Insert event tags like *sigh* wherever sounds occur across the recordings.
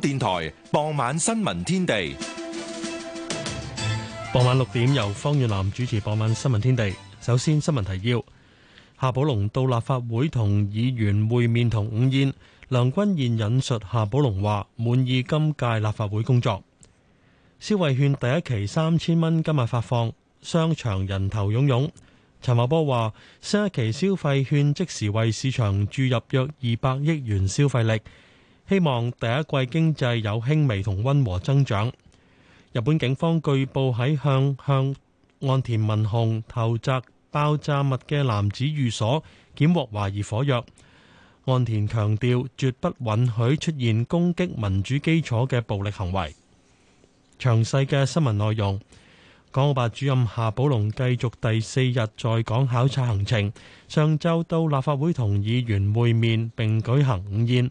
電台傍晚新聞天地，傍晚六點由方遠南主持。傍晚新聞天地，首先新聞提要：夏寶龍到立法會同議員會面同午宴。梁君彥引述夏寶龍話：滿意今屆立法會工作。消費券第一期三千蚊今日發放，商場人頭湧湧。陳茂波話：新一期消費券即時為市場注入約二百億元消費力。希望第一季經濟有輕微同温和增長。日本警方據報喺向向岸田文雄投擲爆炸物嘅男子寓所，檢獲懷疑火藥。岸田強調，絕不允許出現攻擊民主基礎嘅暴力行為。詳細嘅新聞內容，港澳辦主任夏寶龍繼續第四日在港考察行程，上晝到立法會同議員會面並舉行午宴，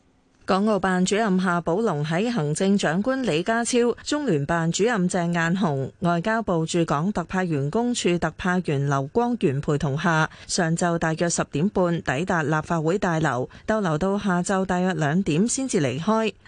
港澳辦主任夏寶龍喺行政長官李家超、中聯辦主任鄭雁雄、外交部駐港特派員公署特派員劉光源陪同下，上晝大約十點半抵達立法會大樓，逗留到下晝大約兩點先至離開。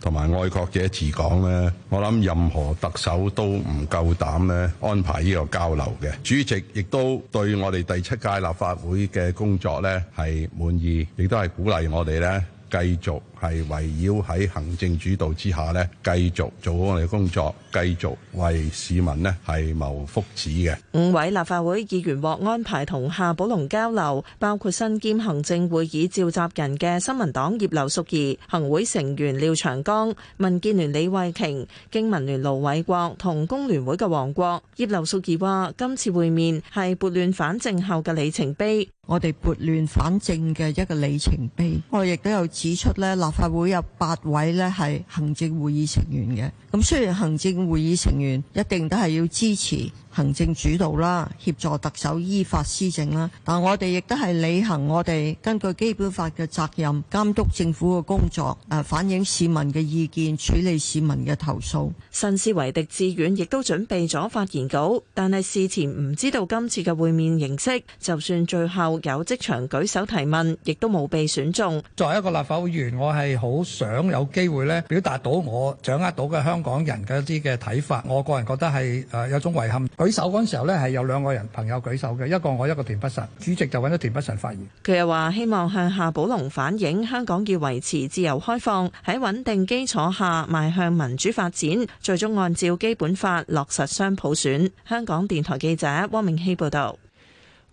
同埋愛國者治港咧，我諗任何特首都唔夠膽咧安排呢個交流嘅。主席亦都對我哋第七屆立法會嘅工作咧係滿意，亦都係鼓勵我哋咧繼續。係圍繞喺行政主導之下咧，繼續做好我哋工作，繼續為市民咧係謀福祉嘅。五位立法會議員獲安排同夏寶龍交流，包括身兼行政會議召集人嘅新民黨葉劉淑儀、行會成員廖長江、民建聯李慧瓊、經民聯盧偉國同工聯會嘅黃國。葉劉淑儀話：今次會面係撥亂反正後嘅里程碑，我哋撥亂反正嘅一個里程碑。我亦都有指出咧立。法會有八位呢係行政會議成員嘅，咁雖然行政會議成員一定都係要支持。行政主導啦，協助特首依法施政啦。但我哋亦都係履行我哋根據基本法嘅責任，監督政府嘅工作，誒反映市民嘅意見，處理市民嘅投訴。新思維狄志遠亦都準備咗發言稿，但係事前唔知道今次嘅會面形式，就算最後有即場舉手提問，亦都冇被選中。作為一個立法會議員，我係好想有機會呢，表達到我掌握到嘅香港人嘅一啲嘅睇法。我個人覺得係誒有種遺憾。舉手嗰陣時候呢，係有兩個人朋友舉手嘅，一個我，一個田北辰，主席就揾咗田北辰發言。佢又話希望向夏寶龍反映，香港要維持自由開放，喺穩定基礎下邁向民主發展，最終按照基本法落實雙普選。香港電台記者汪明熙報道。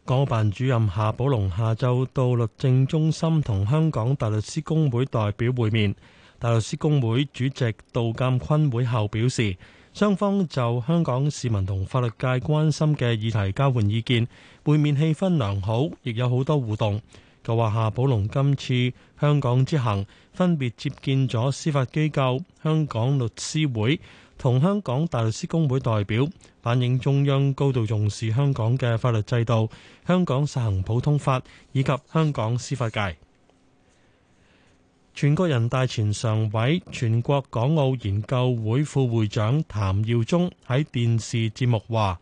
港辦主任夏寶龍下晝到律政中心同香港大律師公會代表會面，大律師公會主席杜鑑坤會後表示，雙方就香港市民同法律界關心嘅議題交換意見，會面氣氛良好，亦有好多互動。佢話夏寶龍今次香港之行，分別接見咗司法機構、香港律師會同香港大律師公會代表，反映中央高度重視香港嘅法律制度、香港實行普通法以及香港司法界。全國人大前常委、全國港澳研究會副會長譚耀宗喺電視節目話，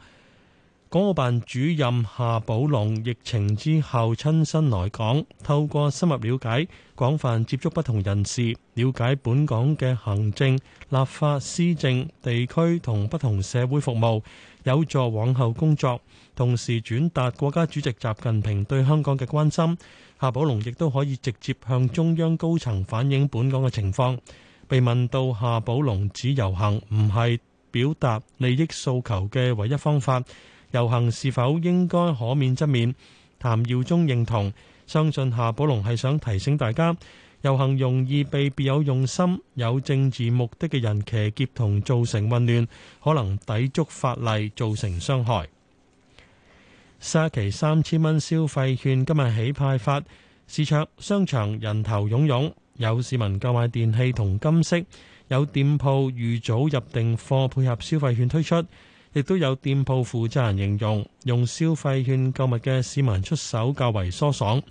港澳辦主任夏寶龍疫情之後親身來港，透過深入了解、廣泛接觸不同人士，了解本港嘅行政、立法、施政、地區同不同社會服務，有助往後工作。同時轉達國家主席習近平對香港嘅關心。夏寶龍亦都可以直接向中央高層反映本港嘅情況。被問到夏寶龍指遊行唔係表達利益訴求嘅唯一方法。遊行是否應該可免則免？譚耀宗認同，相信夏寶龍係想提醒大家，遊行容易被別有用心、有政治目的嘅人騎劫同造成混亂，可能抵觸法例，造成傷害。首期三千蚊消費券今日起派發，市場、商場人頭湧湧，有市民購買電器同金飾，有店鋪預早入定貨配合消費券推出。亦都有店鋪負責人形容，用消費券購物嘅市民出手較為疏爽。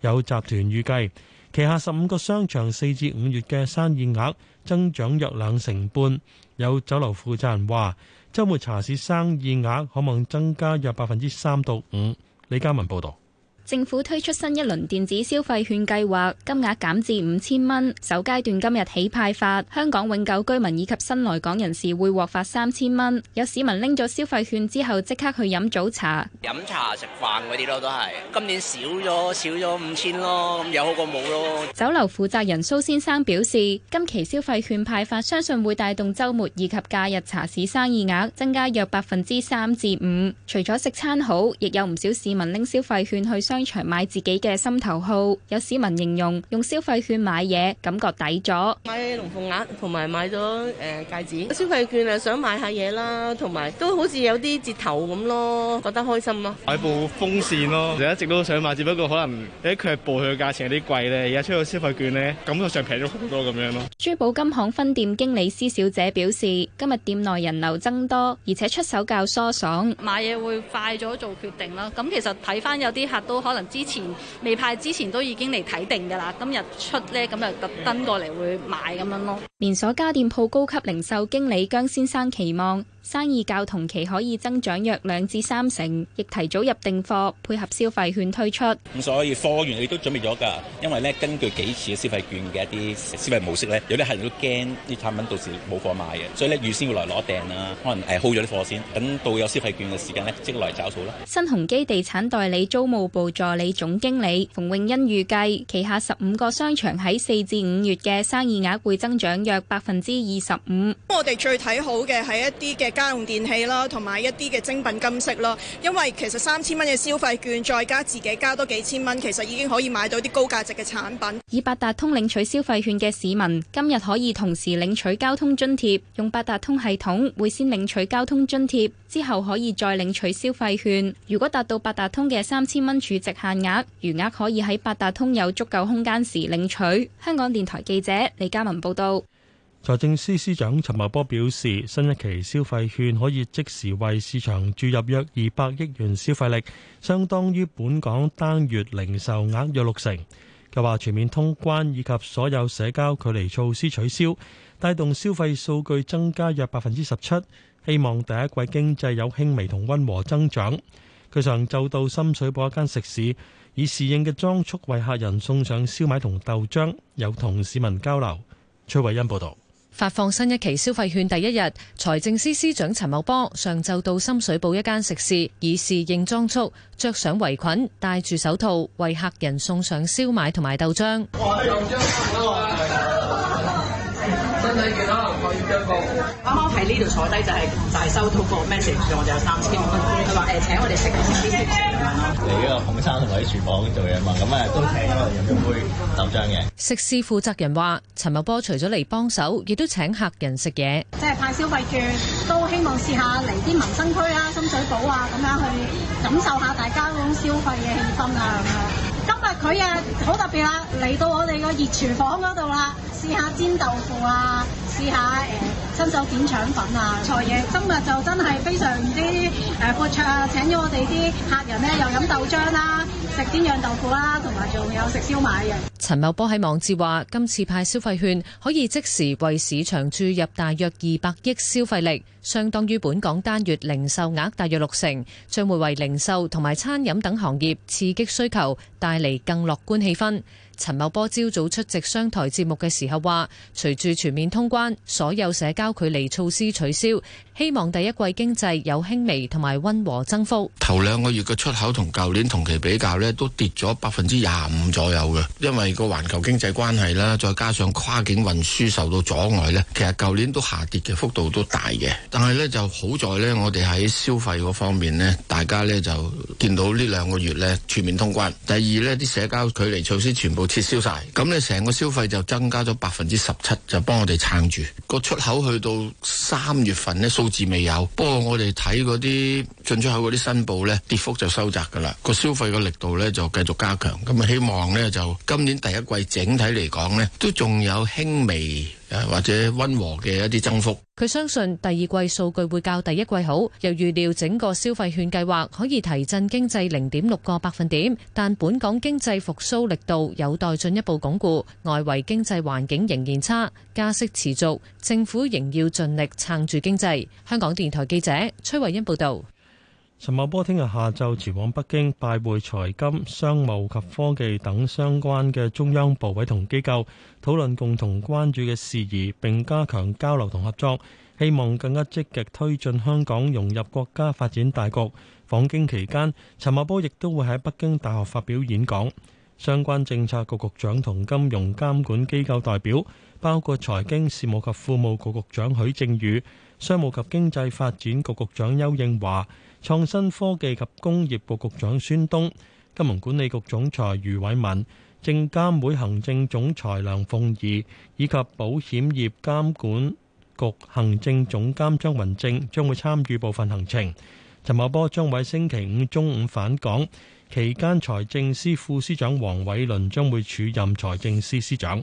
有集團預計，旗下十五個商場四至五月嘅生意額增長約兩成半。有酒樓負責人話，周末茶市生意額可望增加約百分之三到五。李嘉文報道。政府推出新一輪電子消費券計劃，金額減至五千蚊。首階段今日起派發，香港永久居民以及新來港人士會獲發三千蚊。有市民拎咗消費券之後即刻去飲早茶，飲茶食飯嗰啲咯都係今年少咗少咗五千咯，咁又好過冇咯。酒樓負責人蘇先生表示，今期消費券派發相信會帶動周末以及假日茶市生意額增加約百分之三至五。除咗食餐好，亦有唔少市民拎消費券去商商場買自己嘅心頭好，有市民形容用消費券買嘢感覺抵咗，買龍鳳鈪同埋買咗誒戒指。消費券啊，想買下嘢啦，同埋都好似有啲折頭咁咯，覺得開心咯。買部風扇咯，其實一直都想買，只不過可能誒佢係部佢嘅價錢有啲貴咧，而家出咗消費券咧，感覺上平咗好多咁樣咯。珠寶金行分店經理施小姐表示，今日店內人流增多，而且出手較疏爽，買嘢會快咗做決定啦。咁其實睇返有啲客都。可能之前未派之前都已經嚟睇定噶啦，今日出咧咁就特登過嚟會買咁樣咯。連鎖家電鋪高級零售經理姜先生期望。生意較同期可以增長約兩至三成，亦提早入訂貨，配合消費券推出。咁所以貨源亦都準備咗㗎，因為咧根據幾次嘅消費券嘅一啲消費模式咧，有啲客人都驚啲產品到時冇貨賣嘅，所以咧預先會來攞訂啦、啊，可能誒 hold 咗啲貨先，等到有消費券嘅時間咧即來找數啦。新鴻基地產代理租務部助理總經理馮詠欣預計旗下十五個商場喺四至五月嘅生意額會增長約百分之二十五。我哋最睇好嘅係一啲嘅。家用電器啦，同埋一啲嘅精品金飾咯，因為其實三千蚊嘅消費券再加自己加多幾千蚊，其實已經可以買到啲高價值嘅產品。以八達通領取消費券嘅市民，今日可以同時領取交通津貼，用八達通系統會先領取交通津貼，之後可以再領取消費券。如果達到八達通嘅三千蚊儲值限額，餘額可以喺八達通有足夠空間時領取。香港電台記者李嘉文報道。財政司司長陳茂波表示，新一期消費券可以即時為市場注入約二百億元消費力，相當於本港單月零售額約六成。佢話全面通關以及所有社交距離措施取消，帶動消費數據增加約百分之十七，希望第一季經濟有輕微同温和增長。佢上晝到深水埗一間食肆，以侍應嘅裝束為客人送上燒賣同豆漿，有同市民交流。崔慧欣報導。發放新一期消費券第一日，財政司司長陳茂波上晝到深水埗一間食肆，以侍應裝束，着上圍裙，戴住手套，為客人送上燒賣同埋豆漿。喂 *laughs* 真係見到我要繼續。啱啱喺呢度坐低就係就係收到個 message，我哋有三千蚊。佢話誒請我哋食食啲食飯咯。嚟呢個捧餐同埋喺廚房做嘢嘛？咁誒都請我嚟飲咗杯豆漿嘅。食肆負責人話，陳茂波除咗嚟幫手，亦都請客人食嘢。即係派消費券，都希望試下嚟啲民生區啊、深水埗啊咁樣去感受下大家嗰種消費嘅氣氛啦、啊。嗯今日佢啊好特別啦，嚟到我哋個熱廚房嗰度啦，試下煎豆腐啊，試下誒新手點腸粉啊，菜嘢。今日就真係非常之，誒、呃、闊綽啊，請咗我哋啲客人咧，又飲豆漿啦、啊，食煎釀豆腐啦、啊，同埋仲有食燒賣嘅。陳茂波喺網誌話：今次派消費券可以即時為市場注入大約二百億消費力，相當於本港單月零售額大約六成，將會為零售同埋餐飲等行業刺激需求，帶嚟更樂觀氣氛。陳茂波朝早出席商台節目嘅時候話，隨住全面通關，所有社交距離措施取消，希望第一季經濟有輕微同埋溫和增幅。頭兩個月嘅出口同舊年同期比較咧，都跌咗百分之廿五左右嘅，因為個環球經濟關係啦，再加上跨境運輸受到阻礙咧，其實舊年都下跌嘅幅度都大嘅。但係咧就好在咧，我哋喺消費嗰方面咧，大家咧就見到呢兩個月咧全面通關。第二咧，啲社交距離措施全部，撤銷晒，咁你成個消費就增加咗百分之十七，就幫我哋撐住個出口。去到三月份呢，數字未有，不過我哋睇嗰啲進出口嗰啲申報呢，跌幅就收窄噶啦，個消費個力度呢，就繼續加強，咁啊希望呢，就今年第一季整體嚟講呢，都仲有輕微。或者溫和嘅一啲增幅，佢相信第二季數據會較第一季好，又預料整個消費券計劃可以提振經濟零點六個百分點，但本港經濟復蘇力度有待進一步鞏固，外圍經濟環境仍然差，加息持續，政府仍要盡力撐住經濟。香港電台記者崔慧欣報道。陳茂波聽日下晝前往北京拜會財金、商務及科技等相關嘅中央部委同機構，討論共同關注嘅事宜，並加強交流同合作，希望更加積極推進香港融入國家發展大局。訪京期間，陳茂波亦都會喺北京大學發表演講。相關政策局局長同金融監管機構代表，包括財經事務及庫務局局長許正宇、商務及經濟發展局局長邱應華。創新科技及工業局局長孫東、金融管理局總裁余偉文、證監會行政總裁梁鳳儀以及保險業監管局行政總監張雲正將會參與部分行程。陳茂波將會星期五中午返港，期間財政司副司長黃偉綸將會署任財政司司長。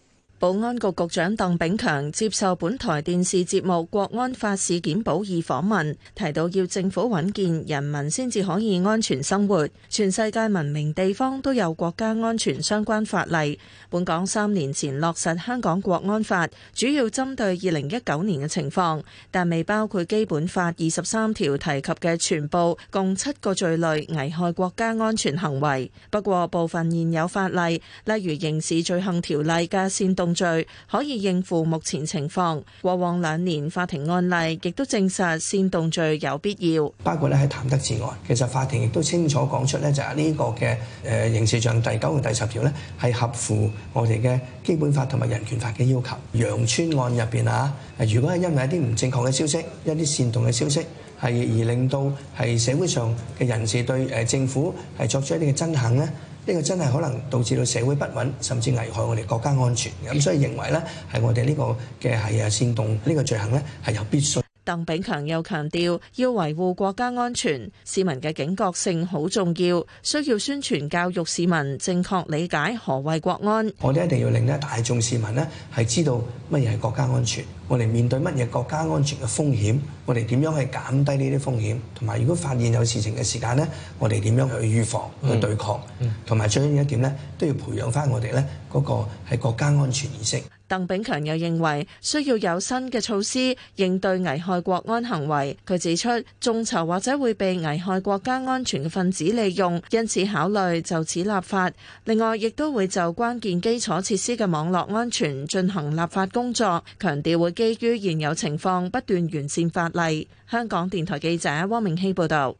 保安局局長鄧炳強接受本台電視節目《國安法事件補議》訪問，提到要政府穩健，人民先至可以安全生活。全世界文明地方都有國家安全相關法例。本港三年前落實《香港國安法》，主要針對二零一九年嘅情況，但未包括《基本法》二十三條提及嘅全部共七個罪類危害國家安全行為。不過部分現有法例，例如刑事罪行條例嘅煽動。罪可以應付目前情況。過往兩年法庭案例亦都證實煽動罪有必要，包括咧係譚得志案。其實法庭亦都清楚講出咧，就喺、是、呢個嘅誒刑事上第九同第十條咧係合乎我哋嘅基本法同埋人權法嘅要求。羊村案入邊啊，如果係因為一啲唔正確嘅消息，一啲煽動嘅消息係而令到係社會上嘅人士對誒政府係作出一啲嘅憎恨咧。呢個真係可能導致到社會不穩，甚至危害我哋國家安全。咁、嗯、所以認為，呢係我哋呢個嘅係啊煽動呢個罪行，呢係有必須。鄧炳強又強調，要維護國家安全，市民嘅警覺性好重要，需要宣傳教育市民正確理解何為國安。我哋一定要令咧大眾市民呢係知道乜嘢係國家安全。我哋面對乜嘢國家安全嘅風險，我哋點樣去減低呢啲風險？同埋，如果發現有事情嘅時間呢，我哋點樣去預防、去對抗？同埋，最緊要一點呢，都要培養翻我哋呢嗰個係國家安全意識。鄧炳強又認為，需要有新嘅措施應對危害國安行為。佢指出，眾籌或者會被危害國家安全嘅分子利用，因此考慮就此立法。另外，亦都會就關鍵基礎設施嘅網絡安全進行立法工作。強調會。基於現有情況，不斷完善法例。香港電台記者汪明熙報道：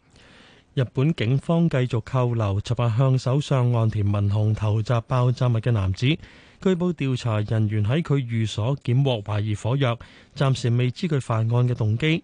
日本警方繼續扣留尋日向首相岸田文雄投擲爆炸物嘅男子。據報調查人員喺佢寓所檢獲懷疑火藥，暫時未知佢犯案嘅動機。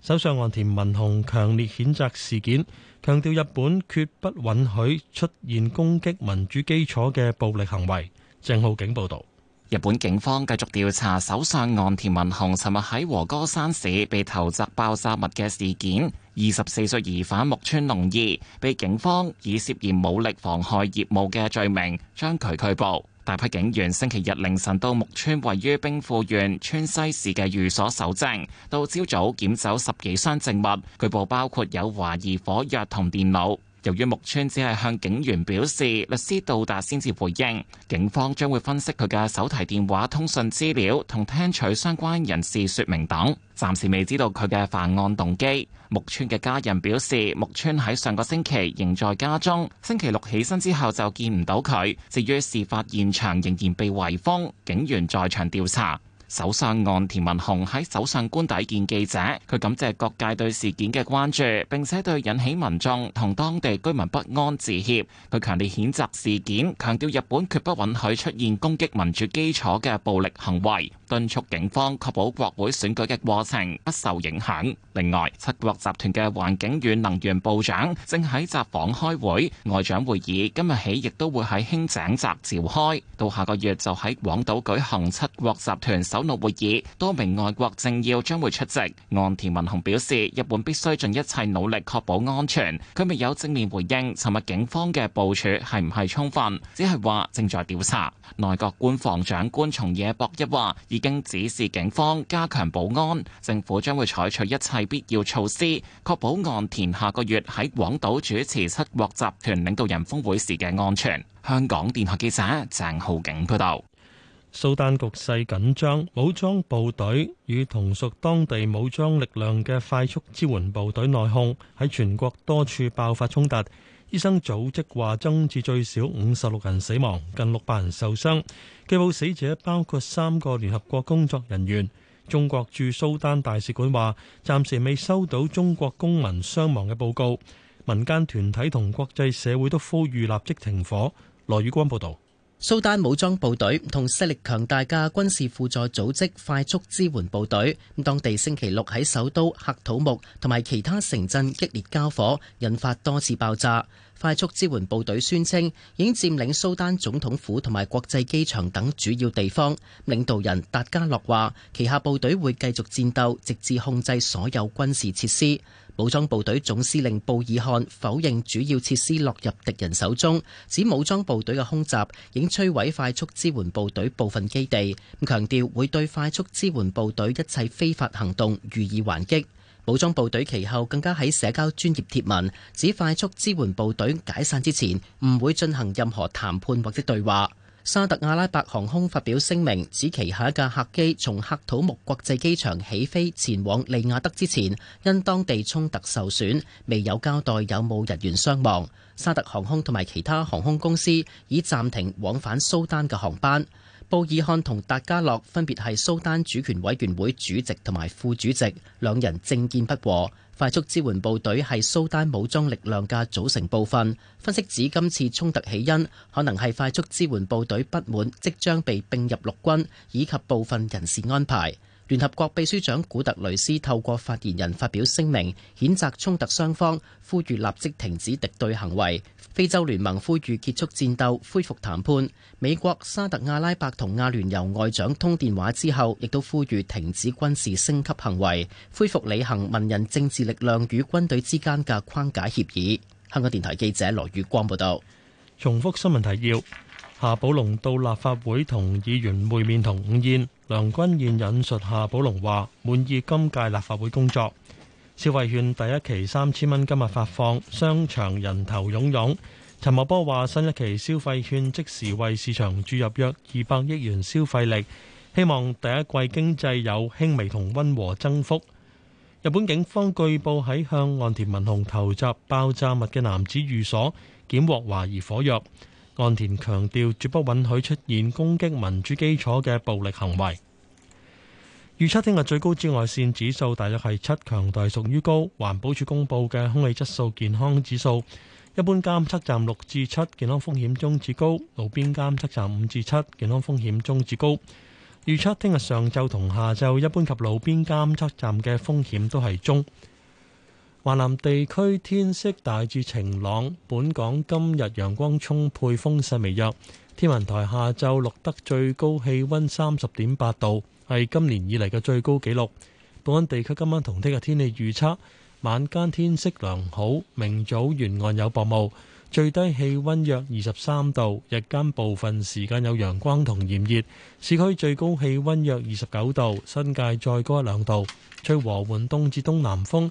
首相岸田文雄強烈譴責事件，強調日本決不允許出現攻擊民主基礎嘅暴力行為。鄭浩景報道。日本警方繼續調查首相岸田文雄尋日喺和歌山市被投擲爆炸物嘅事件。二十四歲疑犯木村隆二被警方以涉嫌武力妨害業務嘅罪名將佢拘捕。大批警員星期日凌晨到木村位於兵庫縣川西市嘅寓所搜證，到朝早檢走十幾箱證物，據報包括有懷疑火藥同電腦。由於木村只係向警員表示，律師到達先至回應，警方將會分析佢嘅手提電話通訊資料，同聽取相關人士說明等，暫時未知道佢嘅犯案動機。木村嘅家人表示，木村喺上個星期仍在家中，星期六起身之後就見唔到佢。至於事發現場仍然被圍封，警員在場調查。首相岸田文雄喺首相官邸見記者，佢感謝各界對事件嘅關注，並且對引起民眾同當地居民不安致歉。佢強烈譴責事件，強調日本決不允許出現攻擊民主基礎嘅暴力行為，敦促警方確保國會選舉嘅過程不受影響，另外，七國集團嘅環境與能源部長正喺札幌開會，外長會議，今日起亦都會喺輕井澤召開，到下個月就喺廣島舉行七國集團。九六會議，多名外國政要將會出席。岸田文雄表示，日本必須盡一切努力確保安全。佢未有正面回應，尋日警方嘅部署係唔係充分，只係話正在調查。內閣官房長官松野博一話，已經指示警方加強保安，政府將會採取一切必要措施，確保岸田下個月喺廣島主持七國集團領導人峰會時嘅安全。香港電台記者鄭浩景報道。蘇丹局勢緊張，武裝部隊與同屬當地武裝力量嘅快速支援部隊內訌喺全國多處爆發衝突。醫生組織話增至最少五十六人死亡，近六百人受傷。據報死者包括三個聯合國工作人員。中國駐蘇丹大使館話暫時未收到中國公民傷亡嘅報告。民間團體同國際社會都呼籲立即停火。羅宇光報導。蘇丹武裝部隊同勢力強大嘅軍事輔助組織快速支援部隊，當地星期六喺首都喀土穆同埋其他城鎮激烈交火，引發多次爆炸。快速支援部隊宣稱已占領蘇丹總統府同埋國際機場等主要地方。領導人達加洛話，旗下部隊會繼續戰鬥，直至控制所有軍事設施。武裝部隊總司令布爾漢否認主要設施落入敵人手中，指武裝部隊嘅空襲已經摧毀快速支援部隊部分基地，強調會對快速支援部隊一切非法行動予以還擊。武裝部隊其後更加喺社交專業貼文指快速支援部隊解散之前唔會進行任何談判或者對話。沙特阿拉伯航空發表聲明，指旗下一架客機從喀土穆國際機場起飛前往利雅得之前，因當地衝突受損，未有交代有冇人員傷亡。沙特航空同埋其他航空公司已暫停往返蘇丹嘅航班。布爾漢同達加洛分別係蘇丹主權委員會主席同埋副主席，兩人政見不和。快速支援部隊係蘇丹武裝力量嘅組成部分。分析指今次衝突起因可能係快速支援部隊不滿即將被並入陸軍，以及部分人士安排。聯合國秘書長古特雷斯透過發言人發表聲明，譴責衝突雙方，呼籲立即停止敵對行為。非洲聯盟呼籲結束戰鬥，恢復談判。美國沙特阿拉伯同阿聯酋外長通電話之後，亦都呼籲停止軍事升級行為，恢復履行文人政治力量與軍隊之間嘅框架協議。香港電台記者羅宇光報道。重複新聞提要。夏寶龍到立法會同議員會面同午宴，梁君彥引述夏寶龍話滿意今屆立法會工作。消費券第一期三千蚊今日發放，商場人頭湧湧。陳茂波話新一期消費券即時為市場注入約二百億元消費力，希望第一季經濟有輕微同溫和增幅。日本警方據報喺向岸田文雄投擲爆炸物嘅男子寓所，檢獲懷疑火藥。岸田強調，絕不允許出現攻擊民主基礎嘅暴力行為。預測聽日最高紫外線指數大約係七，強度屬於高。環保署公佈嘅空氣質素健康指數，一般監測站六至七，健康風險中至高；路邊監測站五至七，健康風險中至高。預測聽日上晝同下晝，一般及路邊監測站嘅風險都係中。華南地區天色大致晴朗，本港今日陽光充沛，風勢微弱。天文台下晝錄得最高氣溫三十點八度，係今年以嚟嘅最高紀錄。本港地區今晚同聽日天氣預測：晚間天色良好，明早沿岸有薄霧，最低氣溫約二十三度，日間部分時間有陽光同炎熱。市區最高氣溫約二十九度，新界再高一兩度，吹和緩東至東南風。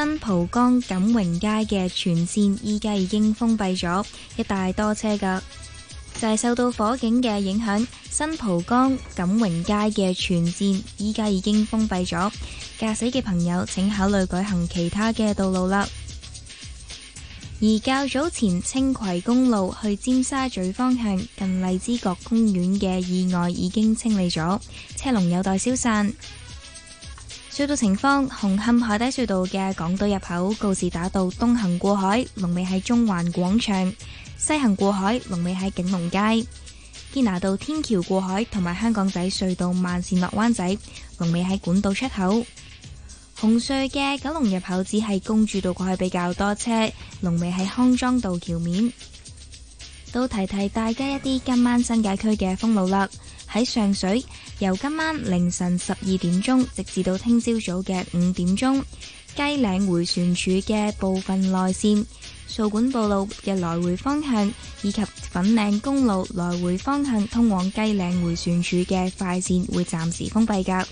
新蒲崗錦榮街嘅全線依家已經封閉咗，一大多車噶，就係、是、受到火警嘅影響，新蒲崗錦榮街嘅全線依家已經封閉咗，駕駛嘅朋友請考慮改行其他嘅道路啦。而較早前青葵公路去尖沙咀方向近荔枝角公園嘅意外已經清理咗，車龍有待消散。隧道情況：紅磡海底隧道嘅港島入口告士打道東行過海，龍尾喺中環廣場；西行過海，龍尾喺景隆街。堅拿道天橋過海同埋香港仔隧道慢線落灣仔，龍尾喺管道出口。紅隧嘅九龍入口只係公主道過去比較多車，龍尾喺康莊道橋面。都提提大家一啲今晚新界區嘅封路啦。喺上水，由今晚凌晨十二點鐘直至到聽朝早嘅五點鐘，雞嶺回旋處嘅部分內線、掃管埔路嘅來回方向，以及粉嶺公路來回方向通往雞嶺回旋處嘅快線會暫時封閉㗎。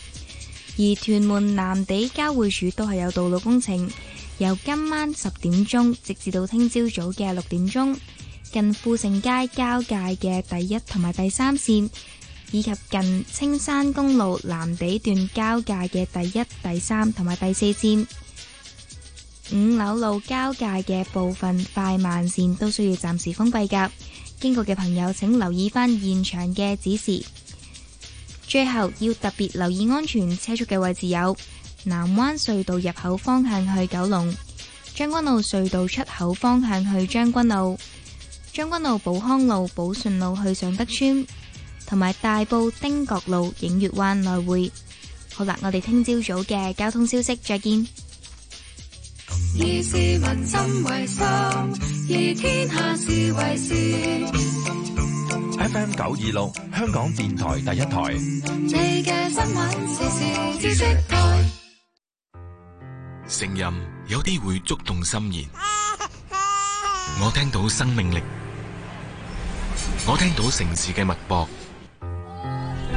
而屯門南地交匯處都係有道路工程，由今晚十點鐘直至到聽朝早嘅六點鐘，近富盛街交界嘅第一同埋第三線。以及近青山公路藍地段交界嘅第一、第三同埋第四線，五柳路交界嘅部分快慢線都需要暫時封閉噶。經過嘅朋友，請留意返現場嘅指示。最後要特別留意安全車速嘅位置有南灣隧道入口方向去九龍，將軍澳隧道出口方向去將軍澳，將軍澳寶康路寶順路去上德村，同埋大埔汀角路映月灣來回，好啦，我哋聽朝早嘅交通消息再見。以市民心為心，以天下事為事。FM 九二六，香港電台第一台。你嘅新聞是是知識台。聲音有啲會觸動心弦，我聽到生命力，我聽到城市嘅脈搏。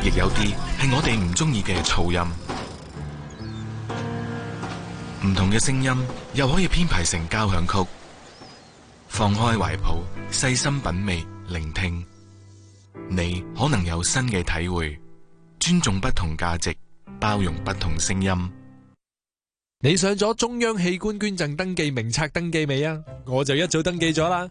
亦有啲係我哋唔中意嘅噪音，唔同嘅聲音又可以編排成交響曲。放開懷抱，細心品味，聆聽，你可能有新嘅體會。尊重不同價值，包容不同聲音。你上咗中央器官捐贈登記名冊登記未啊？我就一早登記咗啦。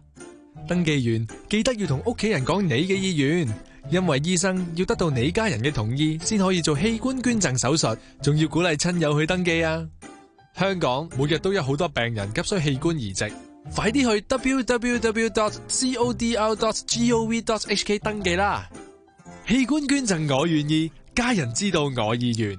登記完，記得要同屋企人講你嘅意願。因為醫生要得到你家人嘅同意，先可以做器官捐贈手術，仲要鼓勵親友去登記啊！香港每日都有好多病人急需器官移植，快啲去 www.codl.gov.hk 登記啦！器官捐贈我願意，家人知道我意願。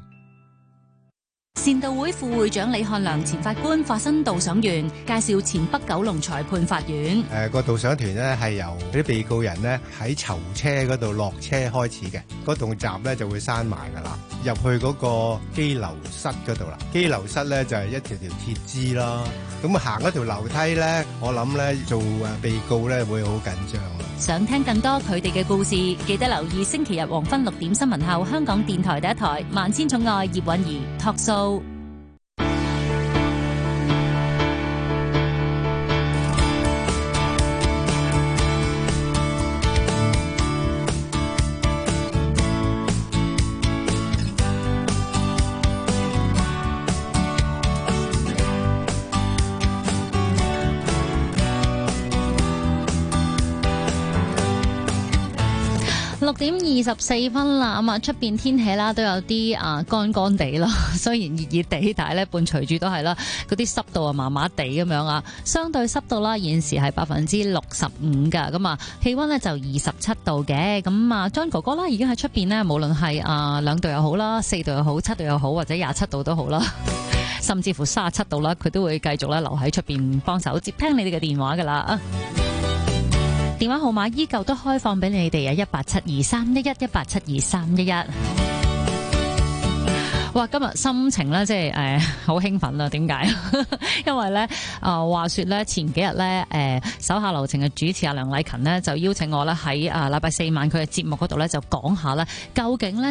善道會副會長李漢良前法官發生導賞員，介紹前北九龍裁判法院。誒、呃，個導賞團咧係由啲被告人咧喺囚車嗰度落車開始嘅，嗰棟閘咧就會閂埋噶啦，入去嗰個羈留室嗰度啦。羈留室咧就係、是、一條條鐵枝咯，咁行嗰條樓梯咧，我諗咧做誒被告咧會好緊張。想聽更多佢哋嘅故事，記得留意星期日黃昏六點新聞後，香港電台第一台《萬千寵愛葉儀》葉韻儀 Talk Show。六點二十四分啦，咁啊，出邊天氣啦都有啲啊乾乾地咯，雖然熱熱地，但係咧伴隨住都係啦，嗰啲濕度啊麻麻地咁樣啊，相對濕度啦現時係百分之六十五噶，咁啊氣溫呢就二十七度嘅，咁啊張哥哥啦已經喺出邊呢，無論係啊兩度又好啦，四度又好，七度又好，好，或者廿七度都好啦，甚至乎卅七度啦，佢都會繼續咧留喺出邊幫手接聽你哋嘅電話噶啦啊。電話號碼依舊都開放俾你哋啊！一八七二三一一一八七二三一一。哇！今日心情咧，即係誒好興奮啊，點解？ *laughs* 因為咧啊、呃，話說咧，前幾日咧誒手下留情嘅主持阿梁麗勤咧，就邀請我咧，喺啊禮拜四晚佢嘅節目度咧就講下啦，究竟咧。